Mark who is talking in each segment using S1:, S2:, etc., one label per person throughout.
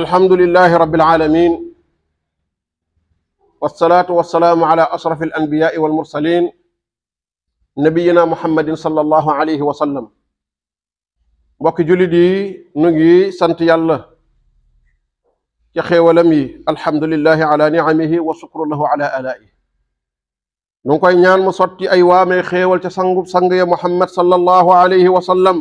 S1: الحمد لله رب العالمين والصلاة والسلام على أشرف الأنبياء والمرسلين نبينا محمد صلى الله عليه وسلم بوك جوليدي نغي سانت يالا يا خي الحمد لله على نعمه وشكر الله على آلائه نكوي نيان مو سوتي اي وامي خيوال تي محمد صلى الله عليه وسلم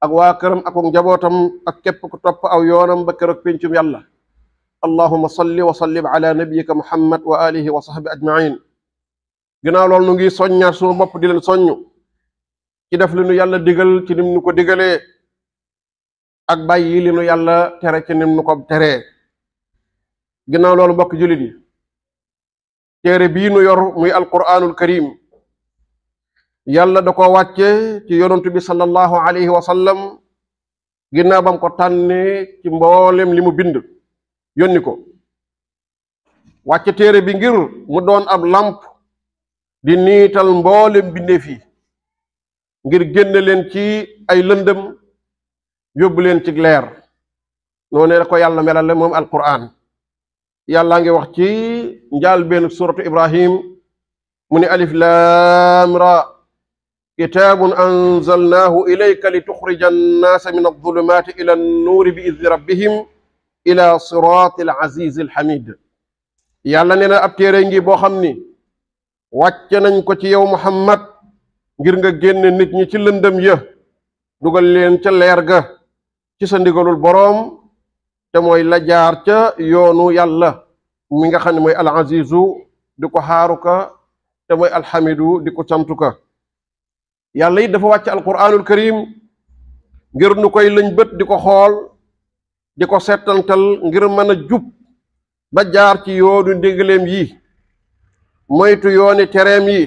S1: ak wa këram ak njabootam ak képp ku topp aw yoonam ba keroog pencum yàlla allahuma salli wa sallim ala nabiyika muhammad wa alihi wa sahbi ajmain ginnaaw loolu nu ngi soññaat suma bopp di leen soññ ci def li nu yàlla digal ci nim nu ko digalee ak bàyyi li nu yàlla tere ci nim nu ko teree ginnaaw loolu mbokk julit yi téere bii nu yor muy alquranul karim Yalla dako wacce ci yonentou bi sallallahu alayhi wa sallam ginnaaw bam ko tanne ci mbollem limu bind yoniko ko tere bi ngir mu don ab lampe di nital mbollem binde fi ngir génne leen ci ay lëndëm yóbbu leen ci leer noné ko yàlla melale mom alquran yalla ngi wax ci njal ben suratu ibrahim muni alif lam ra كتاب أنزلناه إليك لتخرج الناس من الظلمات إلى النور بإذن ربهم إلى صراط العزيز الحميد يا لنا ابتيرينجي بو خامني واتي نانكو تي يوم محمد غير nga генن نيت ني تي لندم يا دوغال لين تي ليرغا تي سانديغول البروم تي موي لا جار تي يونو يالا ميغا خاني موي العزيز ديكو حاروكا تي موي الحميد ديكو yàlla it dafa wàcc alquranul karim ngir nu koy lëñ di ko xool di ko settantal ngir mën a jub ba jaar ci yoonu ndigaléem yi moytu yooni cereem yi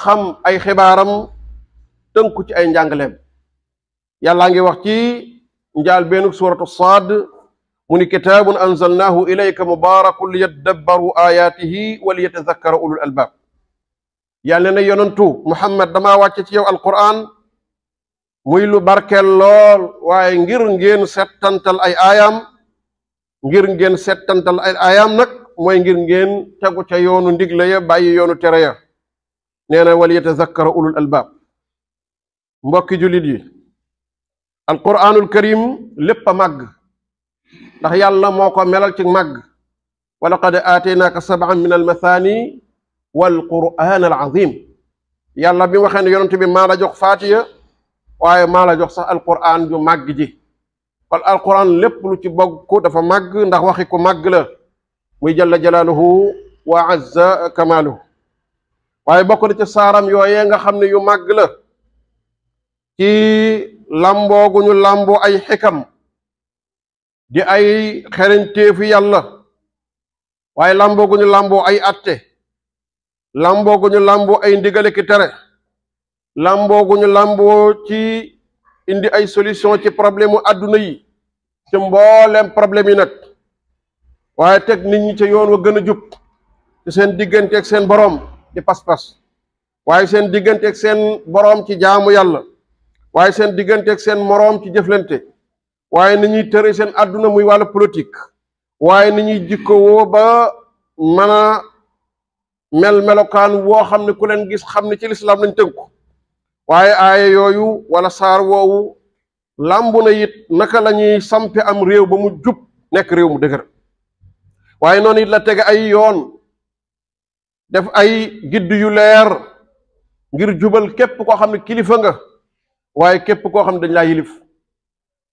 S1: xam ay xibaaram tënku ci ay njàngaleem yàllaa ngi wax ci njaal beenug suratu saad mu ni kitaabun anzalnaahu ilayka mubaarakun li yaddabbaru ayaatihi wa li yatadakkara ulul albaab يالنا يننتو محمد دما واتي تي القران موي لو باركل لول واي غير نين ستانتال اي ايام غير نين ستانتال اي ايام نك موي غير نين تاغو تا يونو ديغلا يا باي يونو تريا نينا ولي يتذكر اول الالباب مبوكي جوليت يي القران الكريم لب ماغ دا يالا موكو ملال تي ماغ ولقد اتيناك سبعا من المثاني والقران العظيم يلا بيم وخان يونت بي مالا جوخ فاتيا واي مالا جوخ سخ القران جو ماغ جي قال القران لب لو تي بوغ كو دا فا ماغ نده واخي كو ماغ لا موي جل جلاله وعز كماله واي بوكو تي سارام يو nga xamne yu mag la ci lambo guñu lambo ay hikam di ay xerenteefu yalla waye lambo guñu lambo ay atté lambo guñu lambo ay ndigalé ki téré lambo guñu lambo ci indi ay solution ci problème aduna yi ci mbolém problème yi nak waye tek nit ñi ci yoon wa gëna jup ci seen digënté ak seen borom di pas-pas waye seen digënté ak seen borom ci jaamu yalla waye seen digënté ak seen morom ci jëflanté waye nit ñi téré seen aduna muy wala politique ba mana mel melokan wo xam ku len gis xam ci l'islam lañ tënku waye aya yoyu wala sar woowu lambu na yit naka lañuy sampé sampe am rew ba mu jup nek rew mu dëgër waye non it la tege ay yoon def ay giddu yu leer ngir jubal kep ko xam kilifa nga waye kep ko xam dañ la yilif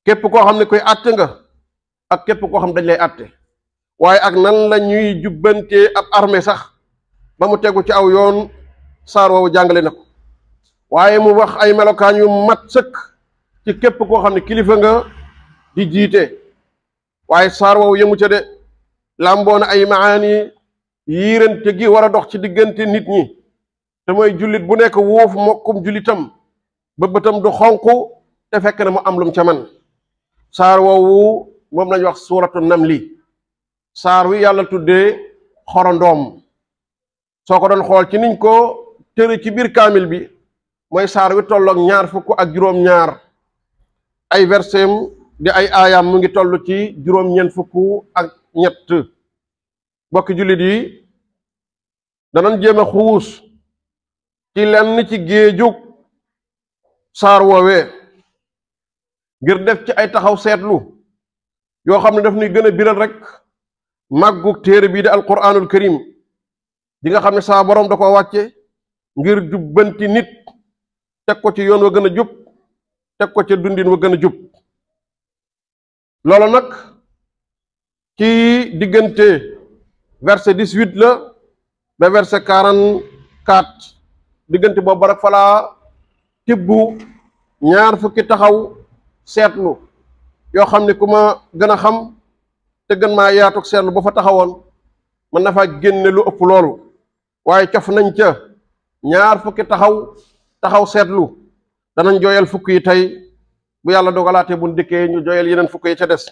S1: kep ko xam koy àtte nga ak kep ko dañ lay waye ak nan la jubante ab armée sax ba mu tegu ci aw yoon saar woowu jàngale na ko waaye mu wax ay melokaan yu mat sëkk ci képp koo xam ne kilifa nga di jiite waaye saar woowu yëmu ca de làmboona ay maani yiirante gi war a dox ci diggante nit ñi damay jullit bu nekk wuuf mokkum jullitam ba bëtam du xonq te fekk na mu am lum ca man saar woowu moom lañ wax suuratu namli saar wi yàlla tuddee xorondoom soko don xol ci niñ ko téré ci bir kamil bi moy sar wi tollok ñaar fukk ak juroom ñaar ay versem di ay ayam mu ngi tollu ci juroom ñen fukk ak ñett bokk julit yi danan jema xuus ci lenn ci geejuk sar wowe ngir def ci ay taxaw setlu yo xamne daf ni gëna biral rek maggu téré bi di alquranul karim di nga xam sa borom dako ko ngir jubbanti nit tek ko ci yoon wa gëna jup tek ko ci dundin wa gëna jup lolo nak ci digënté verset 18 la ba verset 44 digënté diggante boobu rek falaa tibbu ñaar fukki taxaw seetlu yo xam ne gëna xam te gën ma bu fa taxawon man na fa génne lu ëpp loolu waaye cof nañ ca ñaar fukki taxaw taxaw seetlu danañ jooyal fukk yi tey bu yàlla dogalaatee buñ dikkee ñu jooyal yeneen fukk yi ca des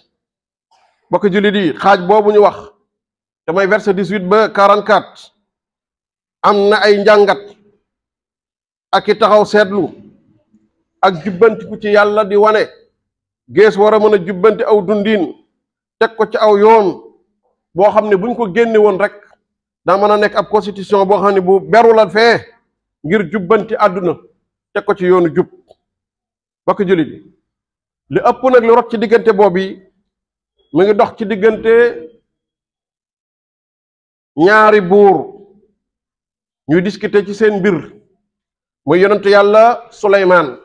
S1: bokk jullit di xaaj boobu ñu wax te mooy verset 18 ba 44 am na ay njàngat ak i taxaw seetlu ak jubbantiku ci yàlla di wane gees war a mën a jubbanti aw dundiin teg ko ci aw yoon boo xam ne buñ ko génne woon rek da mëna nek ab constitution bo xamni bu beru la fee ngir jubanti aduna teg ko ci yoonu jub bokk julit li ëpp nak li rot ci digënté bobu mi ngi dox ci digënté ñaari buur ñu discuter ci seen bir muy yonentu yalla sulayman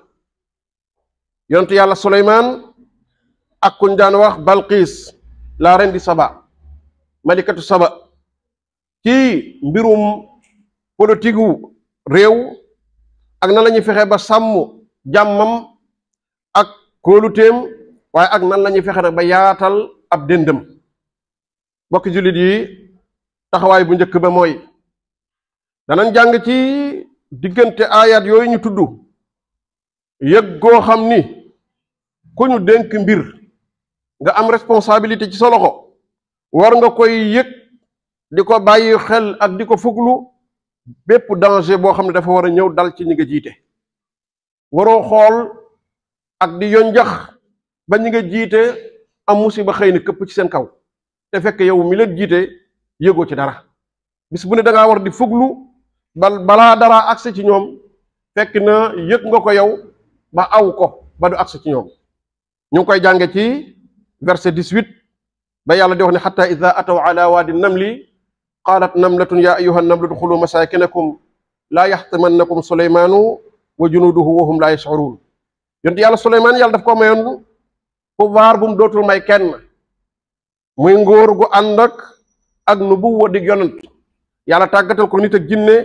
S1: yonentu yalla sulayman ak kuñ daan wax balqis la reine di Saba malikatu Saba ci mbirum politique rew ak nan lañu fexé ba sàmm jàmmam ak kolutem way ak nan lañu fexé fexe ba yaatal ab dëndëm bokk julit yi taxaway bu ñëk ba mooy danañ jang ci digënté ayat yoy ñu tuddu yëg go xamni ku ñu denk mbir nga am responsabilité ci solo ko war nga koy diko bayyi xel ak diko ko fuglu bépp danger bo xamne dafa wara ñew dal ci ñinga jité waro xol ak di jax ba ñinga jité am musiba xeyna kep ci sen kaw te fekk yow mi leen jité yego ci dara bis bu ne da nga war di fuglu bal bala dara accès ci ñom fekk na yek nga ko yow ba aw ko ba du accès ci ñom ñu koy jangé ci verset 18 ba yalla di wax ni hatta ataw ala namli qaalat namlatun yaa ayyuha namlu duxulu masaakinakum laa yaxtimannakum suleymaanu wa junuduhu wa hum laa yashcuruun yonent yàlla suleymaan yàlla daf ko mayoon pouvoir bu mu dootul may kenn muy nguur gu ànd ak ak nubuwa dig yonent yàlla tàggatal ko nit ak jinne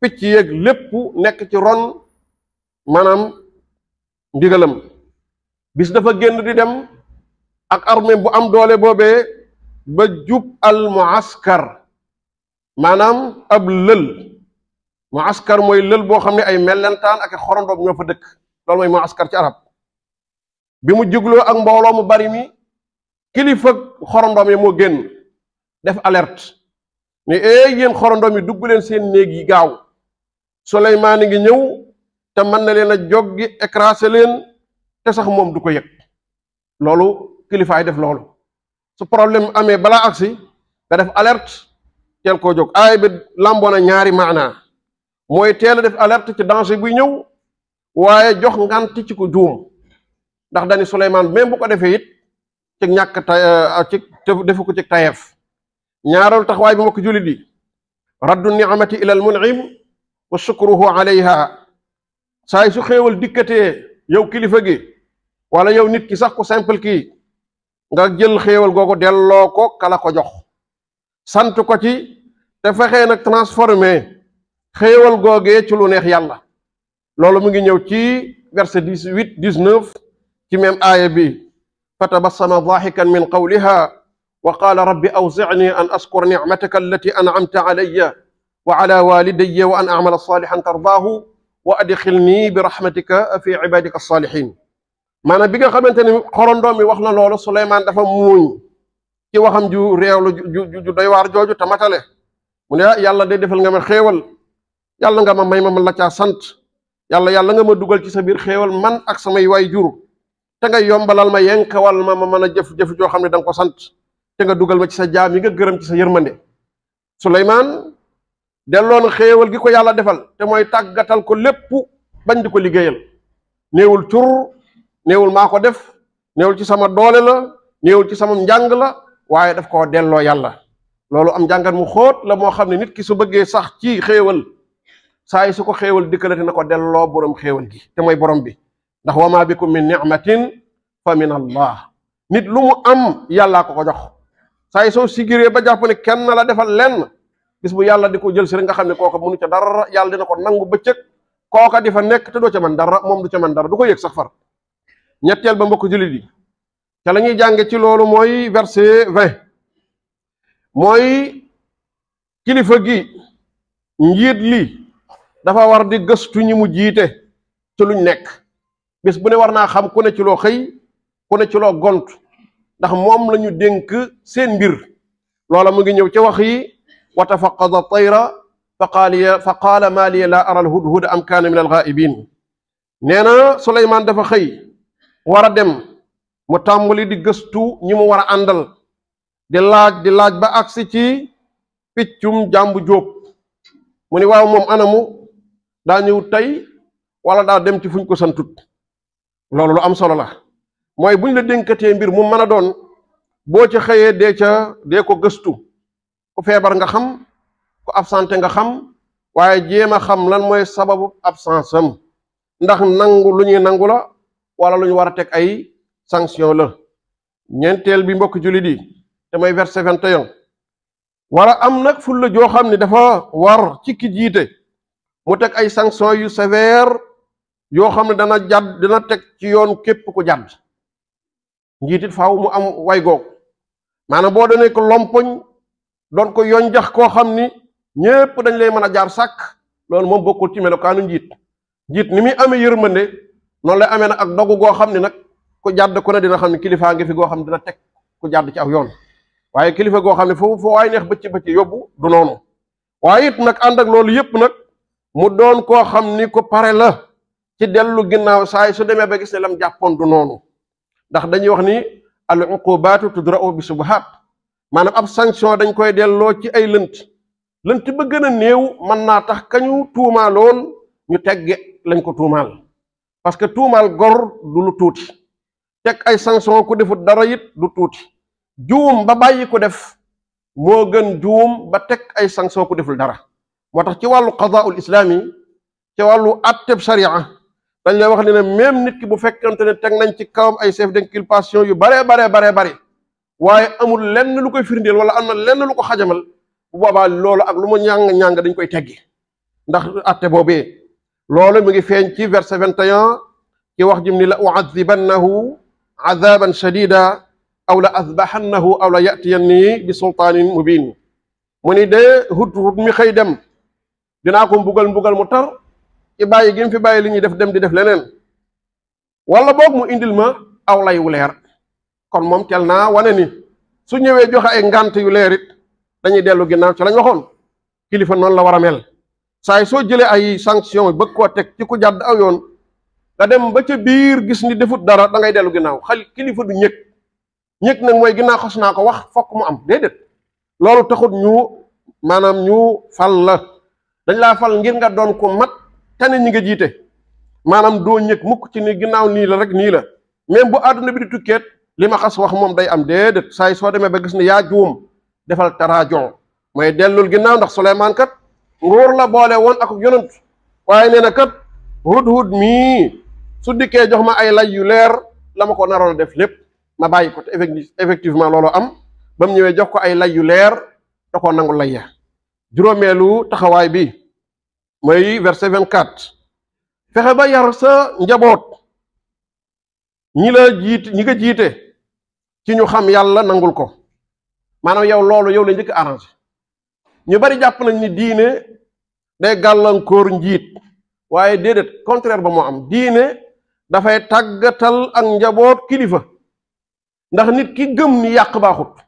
S1: picc yeeg lépp nekk ci ron maanaam ndigalam bis dafa génn di dem ak armée bu am doole boobee ba jub al muaskar maanaam ab lël mu askar mooy lël boo xam ne ay mellentaan ak xorondoom ñoo fa dëkk loolu mooy mu askar ci arab bi mu jugloo ak mbooloo mu bari mi kilifa xorondoom yi moo génn def alerte ne eh yéen xorondoom yi dugg leen seen néeg yi gaaw Suleymaan ngi ñëw te mën na leen a joggi écrasé leen te sax moom du ko yëg loolu kilifaay def loolu su problème amee balaa agsi nga def alerte. teel koo jóg aay bi lamboo na ñaari maanaa mooy teel def alerte ci danger buy ñëw waaye jox ngant ci ko juum ndax dani Souleymane même bu ko defee it ci eh, ci defu ko ci tayeef ñaareelu taxawaay bi mbokk jullit raddu ni'mati ila al mun'im wa shukruhu alayha saay su xéewal dikkatee yow kilifa gi wala yow nit ki sax ko simple kii nga jël ko kala ko jox sant ko ci te fexee nag transformé xéewal googee ci lu neex yàlla loolu mu ngi ñëw ci verset dix-huit dix-neuf ci même aaya bi fatabassama daaxikan min qawliha wa qaala rabbi awzicni an askura nicmataka allati ancamta calaya wa cala walidaya wa an acmala saalixan tardaahu wa adxilni bi raxmatika fi cibaadika alsaalixin maanaam bi nga xamante ni xorondoom mi wax na loolu Suleymaan dafa muuñ ci waxam ju réew la ju ju doy waar jooju tamatale mu ne ah, yàlla de defal nga ma xéewal yàlla nga ma may ma man la caa sant yàlla yàlla nga ma dugal ci sa biir xéewal man ak samay waay jur te nga yombalal ma yenkawal ma ma mën a jëf-jëf joo xam ne da nga ko sant te nga dugal ma ci sa jaam yi nga gërëm ci sa yërmande Suleymaan delloon xéewal gi ko yàlla defal te mooy tàggatal ko lépp bañ di ko liggéeyal néewul cur néewul maa ko def néewul ci sama doole la néewul ci sama njàng la waaye daf koo delloo yàlla loolu am njàngat mu xóot la moo xam ne nit ki su bëggee sax ci xéewal saa yi su ko xéewal dikkalati na ko delloo borom xéewal gi te mooy borom bi ndax wama bikum min ni'matin fa min allah nit lu mu am yàllaa ko ko jox saa yi soo sigiree ba jàpp ne kenn la defal lenn bis bu yàlla di ko jël si nga xam ne kooka mënu ca dara yàlla dina ko nangu bëccëg kooka di fa nekk te doo ca man dara moom du ca man dara du ko yëg sax far ñetteel ba mbokk julit yi te lañuy ñuy jànge ci loolu mooy verset vingt mooy kilifa gi njiit li dafa war di gëstu ñi mu jiite ci luñ nekk bis bu ne war naa xam ku ne ci loo xëy ku ne ci loo gont ndax moom lañu dénk seen mbir loola mu ngi ñëw ca wax yi wa tafaqada tayra fa qaala fa qaala maa liya laa ara alhudhuda am kaana min alghaa'ibin nee na Suleymaan dafa xëy war a dem mu tàmbali di gëstu ñi mu war a àndal di laaj di laaj ba agsi ci piccum jàmb jóob mu ni waaw moom mu daa ñëw tey wala daa dem ci fuñ ko santut loolu lu am solo la mooy buñ la dénkatee mbir mu mën a doon boo ci xëyee dee ca dee ko gëstu ku feebar nga xam ku absenté nga xam waaye jéem a xam lan mooy sababu absence am ndax nangu lu ñuy nangu la wala lu ñu war a teg ay sanction la ñeenteel bi mbokk jullit yi te mooy verset 21 war am nag fulla joo xam ne dafa war cikki jiite mu teg ay sanction yu sévère yoo xam ne dana jàdd dana teg ci yoon képp ku jàdd njiitit faw mu am way goog maanaam boo doonee ko lompoñ doon ko yoon jax koo xam ni ñépp dañ lay mën a jaar sàkk loolu moom bokkul ci melokaanu njiit njiit ni muy amee yërmande noonu lay amee nag ak dogu goo xam ne nag ku jàdd ku ne dina xam ne kilifaa ngi fi goo xam ne dina teg ku jàdd ci aw yoon waaye kilifa goo xam ne foofu foo ay neex bëcc bëcc yóbbu du noonu waaye it nag ànd ak loolu yëpp nag mu doon koo xam ni ko pare la ci dellu ginnaaw saay su demee ba gis ne lam jàppoon du noonu ndax dañuy wax ni al uqubaatu tudra'u bi subahaat maanaam ab sanction dañ koy delloo ci ay lënt lënt ba gën a néew mën naa tax kañu tuumaaloon ñu tegge lañ ko tuumaal parce que tuuti teg ay sanction ku defut dara it du tuuti juum ba bàyyi ko def moo gën juum ba teg ay sanction ku deful dara moo tax ci wàllu qadaul islaami ci wàllu atteb sharia dañ lay wax ne ne même nit ki bu fekkante ne teg nañ ci kawam ay chef d'inculpation yu baree baree baree bari waaye amul lenn lu koy firndeel wala am na lenn lu ko xajamal bu boobaa loolu ak lu ma ñàng-ñàng dañ koy teggi ndax atte boobee loolu mu ngi feeñ ci verset vingt et ci wax jim ni la u'adhibannahu azaban shadida aw la azbaxannahu aw la yatiyanni bi sultaanin mubin mu ni dee hut hut mi xëy dem dinaa ko mbugal mbugal mu tar ci bàyyi gi fi bàyyi li ñuy def dem di def leneen wala boog mu indil ma aw lay leer kon moom tel naa wane ni su ñëwee joxe ay ngant yu leer it dañuy dellu ginnaaw ci lañ waxoon kilifa noonu la war a mel saa soo jëlee ay sanction bëgg koo teg ci ku jàdd aw yoon te dem ba ca biir gis ni defut dara da ngay delu ginnaaw xal kilifa du ñëg ñëg nag mooy ginnaaw xas naa ko wax fokk mu am déedéet loolu taxut ñu maanaam ñu fal la dañ laa fal ngir nga doon ko mat tane ñi nga jiite maanaam doo ñëg mukk ci ni ginnaaw nii la rek nii la même bu àdduna bi di tukkeet li ma wax moom day am déedéet saa soo demee ba gis ne yaa juum defal taraajon mooy dellul ginnaaw ndax Suleymaan kat nguur la boole woon ak yonent waaye nee na kat hudhud mii su dikkee jox ma ay lay yu leer la ma ko naroon a def lépp ma bàyyi ko te effectivement loolu am ba mu ñëwee jox ko ay lay yu leer da koo nangu lay ya juróomeelu taxawaay bi mooy verset vingt-quatre fexe ba yar sa njaboot ñi la jiit ñi nga jiite ci ñu xam yàlla nangul ko maanaam yow loolu yow la njëkk arrangé ñu bari jàpp nañ diine day gàllankoor njiit waaye déedéet contraire ba moo am diine dafay tagatal ak njabot kilifa ndax nit ki gem ni yak baxut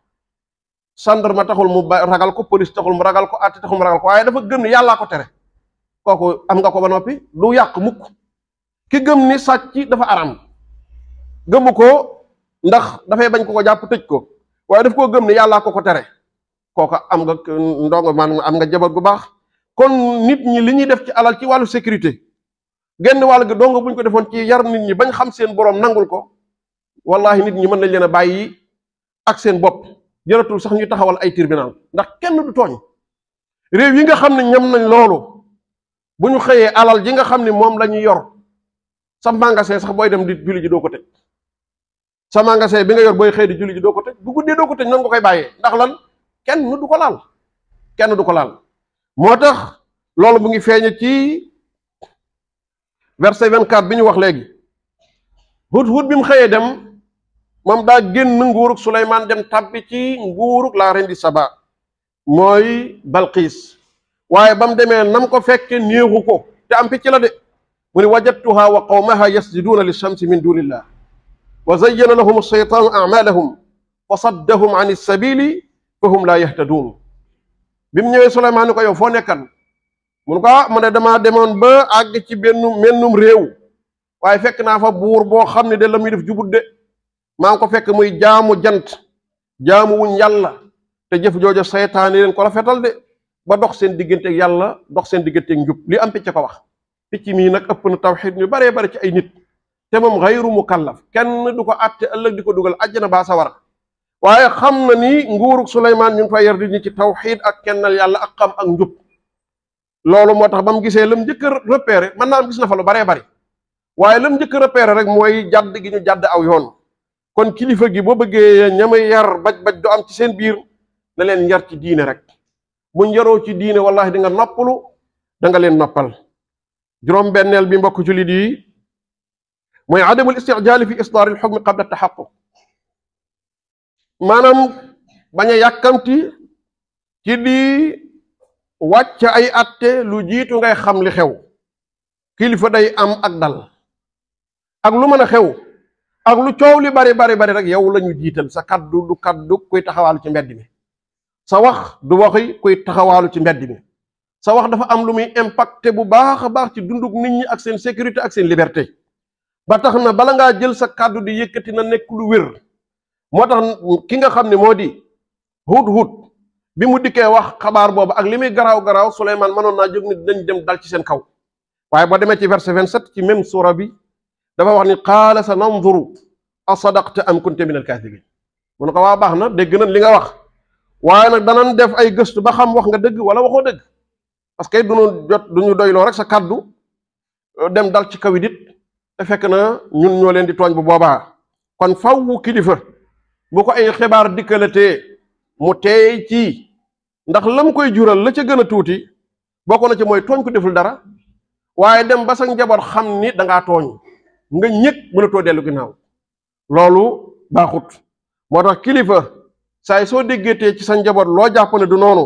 S1: sandarma taxul mu ragal ko police taxul mu ragal ko atti taxul mu ragal ko waye dafa gem ni yalla ko tere koku am nga ko ba nopi du yak mukk ki gem ni sàcc dafa aram gëmu ko ndax dafay bañ ko ko japp tëj ko waye daf ko gem ni yalla ko ko tere koku am nga ndongo man am nga jabar gu bax kon nit ñi li ñi def ci alal ci walu sécurité genn wàll gi dong buñ ko defoon ci yar nit ñi bañ xam seen borom nangul ko wallahi nit ñi mën nañ leen a bàyyi ak seen bopp jaratul sax ñu taxawal ay tribunal ndax kenn du tooñ réew yi nga xam ne ñam nañ loolu bu ñu xëyee alal ji nga xam ne moom la ñu yor sa magasin sax booy dem di julli ji doo ko tëj sa magasin bi nga yor booy xëy di julli ji doo ko tëj bu guddee doo ko tëj nan nga koy bàyyee ndax lan kenn du ko laal kenn du ko laal moo loolu mu ngi ci verset 24 bi ñu wax léegi Hudhud bi mu xëyee dem moom daa génn nguurug Suleymaan dem tàbbi ci nguurug laa rendi Saba mooy Balqiis waaye ba mu demee nam ko fekke néexu ko te am picc la de mu ni wajadtuha wa qawmaha yasjuduuna lishamsi min duunillah wa zayyana lahum ash-shaytaanu a'maalahum fa saddahum an is-sabiili fa hum laa yahtaduun bi mu ñëwee Suleymaan ko yow foo nekkan mun ko ah man de damaa demoon ba àgg ci benn mennum réew waaye fekk naa fa buur boo xam ne de la muy def jubut de maa ngi ko fekk muy jaamu jant jaamu wuñ yàlla te jëf jooja saytaane leen ko rafetal de ba dox seen digganteeg yàlla dox seen digganteeg njub li am picc ko wax picc mii nag ëpp na tawxiid ñu baree bare ci ay nit te moom xayru mukallaf kenn du ko àtte ëllëg di ko dugal àjjana baa sawar waaye xam na ni nguurug Suleymaan ñu ngi fa yar di ñu ci tawxiid ak kennal yàlla ak xam ak njub lolu motax bam gisé lam jëk repéré man na gis na fa lu bari bari waye lam jëk repéré rek moy jadd gi ñu jadd aw yoon kon kilifa gi bo bëggé ñama yar baj baj du am ci seen biir na leen yar ci diiné rek buñ ñëro ci diiné wallahi di nga noppulu da nga leen noppal juroom bennel bi mbokk julit yi moy adamul isti'jal fi isdar al hukm qabla taxaquq manam bañ a ci di wàcc ay atte lu jiitu ngay xam li xew kilifa day am ak dal ak lu mën a xew ak lu coow li bari bari bari rek yow la ñu jiital sa kàddu du kaddu koy taxawaalu ci mbedd mi sa wax du waxi kuy taxawaalu ci mbedd mi sa wax dafa am lu muy impacté bu baax a baax ci dunduk nit ñi ak seen sécurité ak seen liberté ba tax na bala ngaa jël sa kàddu di yëkkati na nekk lu wér moo tax ki nga xam ne moo di hut hut bi mu dikkee wax xabar bobu ak limi graw graw suleyman manon na naa jóg ni dañ dem dal ci sen kaw waye bo démé ci verset 27 ci même sura bi dafa wax ni qala sa asadaqta am kunta min alkaasibin mon ne ko waa baax na nañ li nga wax waye nak danañ def ay gëstu ba xam wax nga deug wala waxo deug parce que duñu jot duñu doylo rek sa kàddu dem dal ci kaw dit te fekk na ñun ñoo leen di togn bu boba kon faw kilifa bu ko ay xibaar dikelate mu teey ci ndax lam koy jural la ca gën a tuuti bokk na ci mooy tooñ ko deful dara waaye dem ba sa njaboot xam ni dangaa tooñ nga ñëg mënatoo dellu ginnaaw loolu baaxut moo tax kilifa saay soo déggatee ci sa njaboot loo jàpp ne du noonu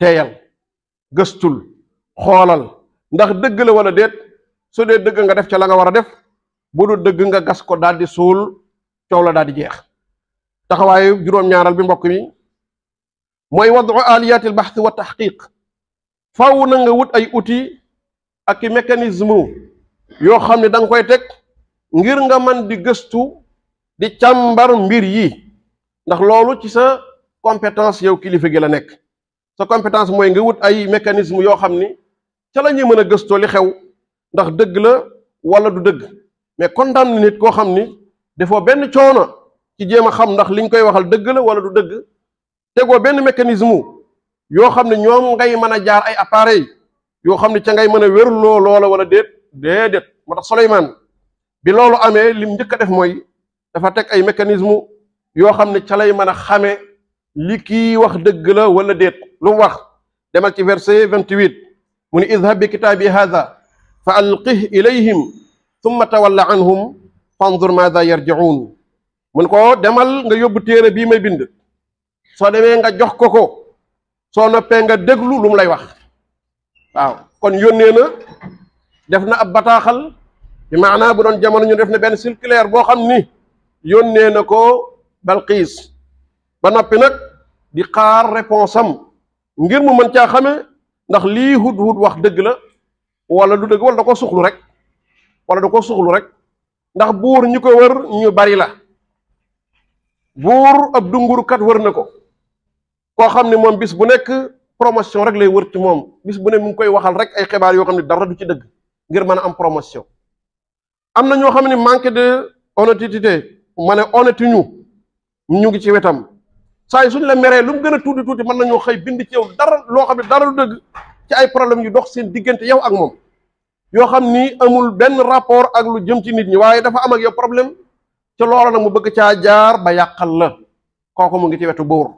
S1: teeyal gëstul xoolal ndax dëgg la wala déet su dee dëgg nga def ca la nga war a def bu dul dëgg nga gas ko daal di suul coow la daal di jeex taxawaayu juróom-ñaaral bi mbokk mi mooy wadu aliyaati albaxth wa taxqiq faw na nga wut ay outils ak i mécanisme yoo xam ne da nga koy teg ngir nga man di gëstu di càmbar mbir yi ndax loolu ci sa compétence yow kilifa gi la nekk sa compétence mooy nga wut ay mécanisme yoo xam ni ca la ñuy mën a gëstoo li xew ndax dëgg la wala du dëgg mais condamné nit koo xam ni defoo benn coono. ci jéem a xam ndax liñ koy waxal dëgg la wala du dëgg tegoo benn mécanisme yoo xam ne ñoom ngay mën a jaar ay appareil yoo xam ne ca ngay mën a wéruloo loola wala déet déedéet moo tax Souleymane bi loolu amee lim njëkk a def mooy dafa teg ay mécanisme yoo xam ne ca lay mën a xamee li kii wax dëgg la wala déet lu wax demal ci verse vingt-huit mu ni idhab bi kitaabi hadha fa alqih ilayhim thumma tawalla anhum fanzur maadha yarji'un mun ko demal nga yóbbu téere bii may bind soo demee nga jox ko ko soo noppee nga déglu lu mu lay wax waaw kon yónnee na def na ab bataaxal bi maanaa bu doon jamono ñu def na benn circulaire boo xam ni yónnee na ko Balqiis ba noppi nag di xaar réponse am ngir mu mën caa xame ndax lii Hudhud wax dëgg la wala du dëgg wala da ko suxlu rek wala da ko suxlu rek ndax buur ñi ko wër ñu bari la buur ab dungurukat wër na ko koo xam ne moom bis bu nekk promotion rek lay wër ci moom bis bu ne mu ngi koy waxal rek ay xibaar yoo xam ne dara du ci dëgg ngir mën a am promotion am na ñoo xam ne manque de honnêteté ma ne honnête ñu ñu ngi ci wetam saa yi suñ la meree lu mu gën a tuuti tuuti mën nañoo xëy bind ci yow dara loo xam ne dara du dëgg ci ay problème yu dox seen diggante yow ak moom yoo xam ni amul benn rapport ak lu jëm ci nit ñi waaye dafa am ak yow problème ca loola nag mu bëgg caa jaar ba yàqal la kooku mu ngi ci wetu buur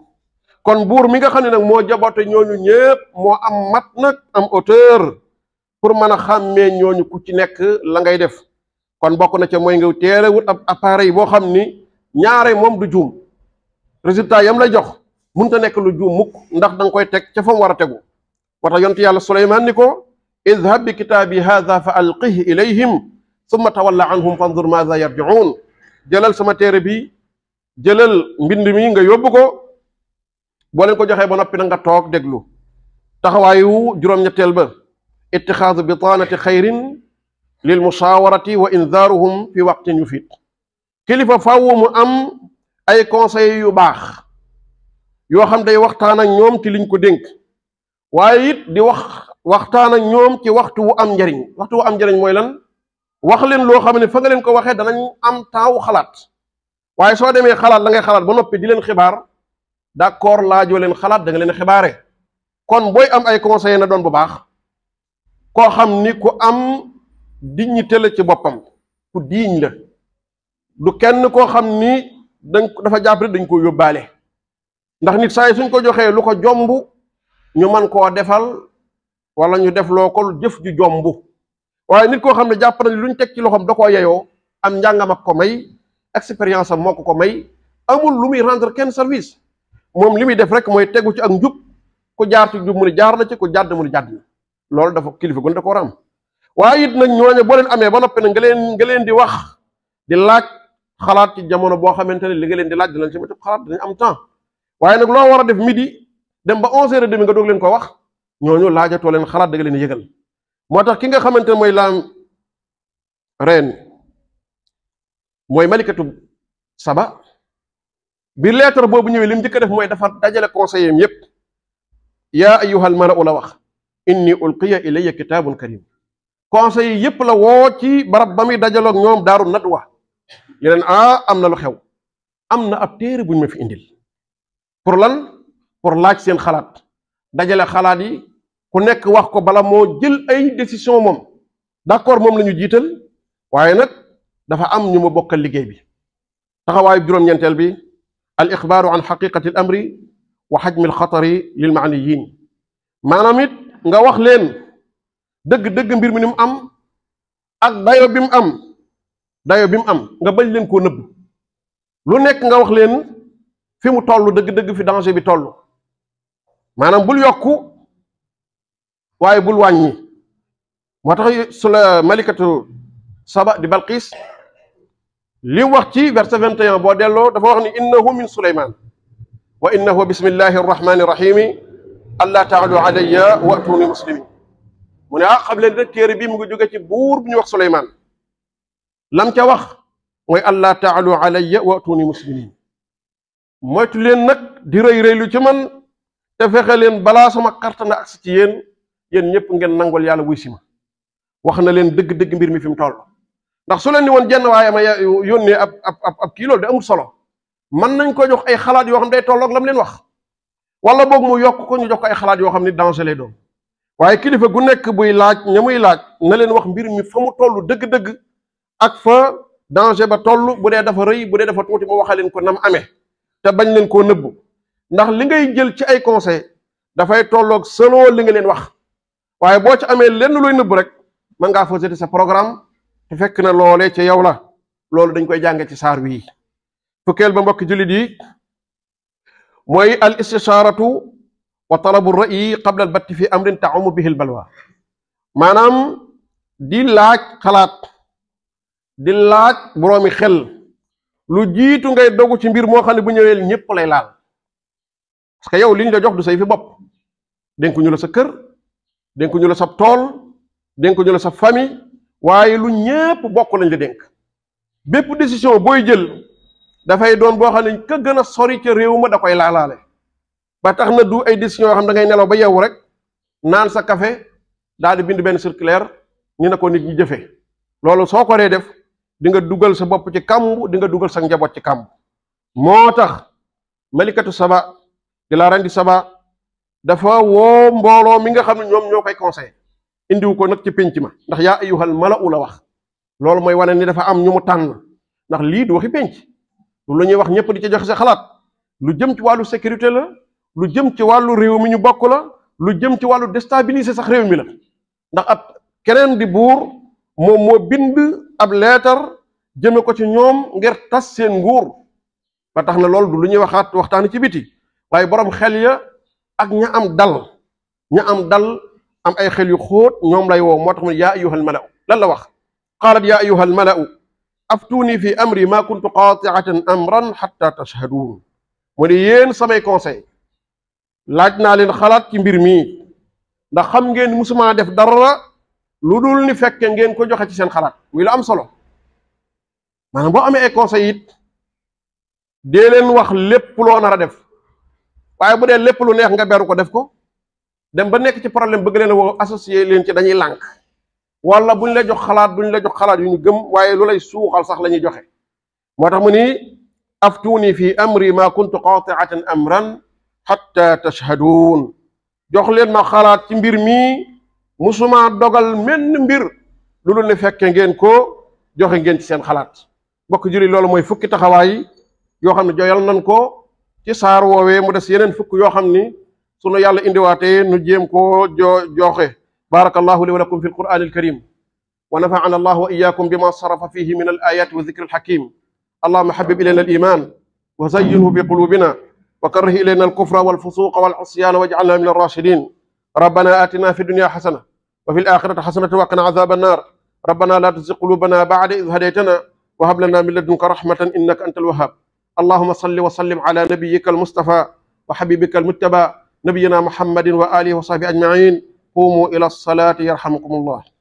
S1: kon buur mi nga xam ne nag moo jaboote ñooñu ñépp moo am mat nag am auteur pour mën a xàmmee ñooñu ku ci nekk la ngay def kon bokk na ca mooy nga teere wut ab appareil boo xam ni ñaare moom du juum résultat yam lay jox mënut a nekk lu juum mukk ndax da koy teg ca fa mu war a tegu moo tax yontu yàlla Suleymaan ni ko idhab bi kitaabi haadha fa alqih ilayhim summa tawalla anhum fanzur maadha yarji'un jëlal sama téere bi jëlal mbind mi nga yóbbu ko boo leen ko joxee ba noppi na nga toog déglu taxawaayu juróom-ñetteel ba ittixaadu bitaanati xayrin lil musawarati wa inzaruhum fi waqtin yufid kilifa faaw mu am ay conseil yu baax yoo xam day waxtaan ak ñoom ci liñ ko dénk waaye it di wax waxtaan ak ñoom ci waxtu wu am njariñ waxtu wu am njariñ mooy lan wax leen loo xam ne fa nga leen ko waxee danañ am temps wu xalaat waaye soo demee xalaat la ngay xalaat ba noppi di leen xibaar d'accord laajoo leen xalaat da nga leen xibaare kon booy am ay conseil na doon bu baax koo xam ni ku am dignité la ci boppam ku diiñ la du kenn koo xam ni dañ dafa jàppale dañ ko yóbbaale ndax nit saa suñ ko joxee lu ko jomb ñu man koo defal wala ñu def loo ko jëf ju jomb waaye nit koo xam ne jàpp na ni luñ teg ci loxoom da koo yeyoo am njàngam ak ko may expérience am moo ko ko may amul lu muy rendre kenn service moom li muy def rek mooy tegu ci ak njub ku jaar ci njub mu ne jaar na ci ku jàdd mu ne jàdd na loolu dafa kilifa gu ne da koo am waaye it nag ñooñu boo leen amee ba noppi nag nga leen nga leen di wax di laaj xalaat ci jamono boo xamante ne li nga leen di laaj dinañ ci météo xalaat dinañ am temps waaye na loo war a def midi dem ba onze heures nga doog leen ko wax ñooñu laajatoo leen xalaat da leen yëgal. motax ki nga xamantene moy lam reine moy malikatu saba bi lettre bobu ñewé lim njëkk def moy dafa dajale conseiller yépp ya ayyuhal la wax inni ulqiya ilayya kitabun karim conseil yépp la wo ci barab ba dajalo ak ñom daaru nadwa yeneen a ah, amna lu xew amna ab téré buñ ma fi indil pour lan pour laaj seen xalaat dajale xalaat yi ku nek wax ko bala mo jël ay décision mom d'accord mom lañu ñu waye nak dafa am ñu ma bokkal liggéey bi taxawaayu juróom-ñeenteel bi al ikhbar an haqiqati al amri wa hajm al khatar lil ma'niyin manamit nga wax leen deug deug mbir mi ni am ak dayo bi mu am dayo bi mu am nga bañ leen ko neub lu nek nga wax leen fi mu tollu deug deug fi danger bi tollu manam bul yokku waye bul wañi motax sulu malikatu saba di balqis li wax ci verset 21 bo delloo dafa wax ni innahu min sulayman wa innahu bismillahir rahmanir rahim alla taalu alayya wa atuni muslimin mune ak ah xam leen rek tere bi mu ngi jóge ci buur bu ñu wax sulayman lam ca wax moy alla taalu alayya wa atuni muslimin moy tu len nak di reey reey lu ci man te fexe leen balaa sama na ak ci yéen yéen ñëpp ngeen nangool yàlla wuy si ma wax na leen dëgg-dëgg mbir mi fi mu toll ndax su leen ni woon jenn waaye ma yónnee ab ab ab kii de amul solo mën nañ ko jox ay xalaat yoo xam day tolloog lam leen wax wala boog mu yokk ko ñu jox ko ay yoo xam ni danger lay doon waaye kilifa gu nekk buy laaj ña muy laaj na leen wax mbir mi fa mu toll dëgg-dëgg ak fa danger ba toll bu dee dafa rëy bu dee dafa tuuti mu waxaleen ko nam amee te bañ leen koo nëbbu ndax li ngay jël ci ay conseil dafay tollook selon li nga leen wax waaye boo ci amee lenn luy nëbb rek mën ngaa fausseté sa programme te fekk na loole ci yow la loolu dañ koy jànge ci saar wii fukkeel ba mbokki jullit yi mooy al istisharatu wa talabu ra'yi qabla al batti fi amrin ta'umu bihi al balwa maanaam di laaj xalaat di laaj boroomi xel lu jiitu ngay dogu ci mbir moo xam ne bu ñëwee ñëpp lay laal parce que yow liñ la jox du sa fi bopp dénku la sa kër dénk ñu la sa tool dénk ñu la sa famille waye lu ñepp bokk lañ la denk bepp décision boy jël fay doon bo xamni ke gëna sori ci réew ma da koy laalaale ba tax na du ay décision xam da ngay nelaw ba yeewu rek naan sa café daal di bind ben circulaire ñu ne ko nit ñi jëfé loolu soko ko def di nga dugal sa bop ci kambu di nga dugal sa njabot ci kambu motax malikatu saba di la saba dafa woo mbooloo mi nga xam ne ñoom ñoo koy conseillé indiwu ko nag ci pénc ma ndax yaa ayuhal mala'u la wax loolu mooy wane ni dafa am ñu mu tànn ndax lii du waxi pénc lu la ñuy wax ñëpp di ci joxe sa xalaat lu jëm ci wàllu sécurité la lu jëm ci wàllu réew mi ñu bokk la lu jëm ci wàllu déstabiliser sax réew mi la ndax ab keneen di buur moom moo bind ab leetar jëme ko ci ñoom ngir tas seen nguur ba tax na loolu du lu ñuy waxaat waxtaan ci biti waaye borom xel ya ak ña am dal ña am dal am ay xel yu xóot ñoom lay woo moo tax mu ne yaa ayyuhal mala'u lan la wax qaalat yaa ayyuhal mala'u aftuuni fi amri maa kuntu qaati'atan amran xatta tashhaduun mu ne yéen samay conseil laaj naa leen xalaat ci mbir mi ndax xam ngeen musuma def dara lu dul ni fekke ngeen ko joxe ci seen xalaat muy la am solo maanaam boo amee ay conseil it dee leen wax lépp loo nar a def waaye bu dee lépp lu neex nga beru ko def ko dem ba nekk ci problème bëgg leen woo associé leen ci dañuy lànk wala buñ la jox xalaat duñ la jox xalaat yu ñu gëm waaye lu lay suuxal sax la joxe moo mu ni fi amri ma kuntu qatiatan amran hatta teshadun jox leen ma xalaat ci mbir mi musuma dogal men mbir lu dul ne fekke ngeen ko joxe ngeen ci seen xalaat juri loolu mooy fukki taxawaay yoo xam ne joyal nan ko ci sar wowe mu dess yenen fuk yo xamni sunu yàlla indi waté nu jëm ko joxé barakallahu li wa lakum qur'an al karim wa nafa'ana allah wa iyyakum bima sarafa fihi min al ayat wa dhikr al hakim allahumma habib ilayna al iman wa zayyinhu bi qulubina wa karrih ilayna al kufra wal fusuq wal wal'asyana waj'alna min al rashidin ربنا آتنا في الدنيا حسنة وفي الآخرة حسنة وقنا عذاب النار ربنا لا تزغ قلوبنا بعد إذ هديتنا وهب لنا من لدنك رحمة إنك أنت الوهاب اللهم صل وسلم على نبيك المصطفى وحبيبك المتبى نبينا محمد وآله وصحبه أجمعين قوموا إلى الصلاة يرحمكم الله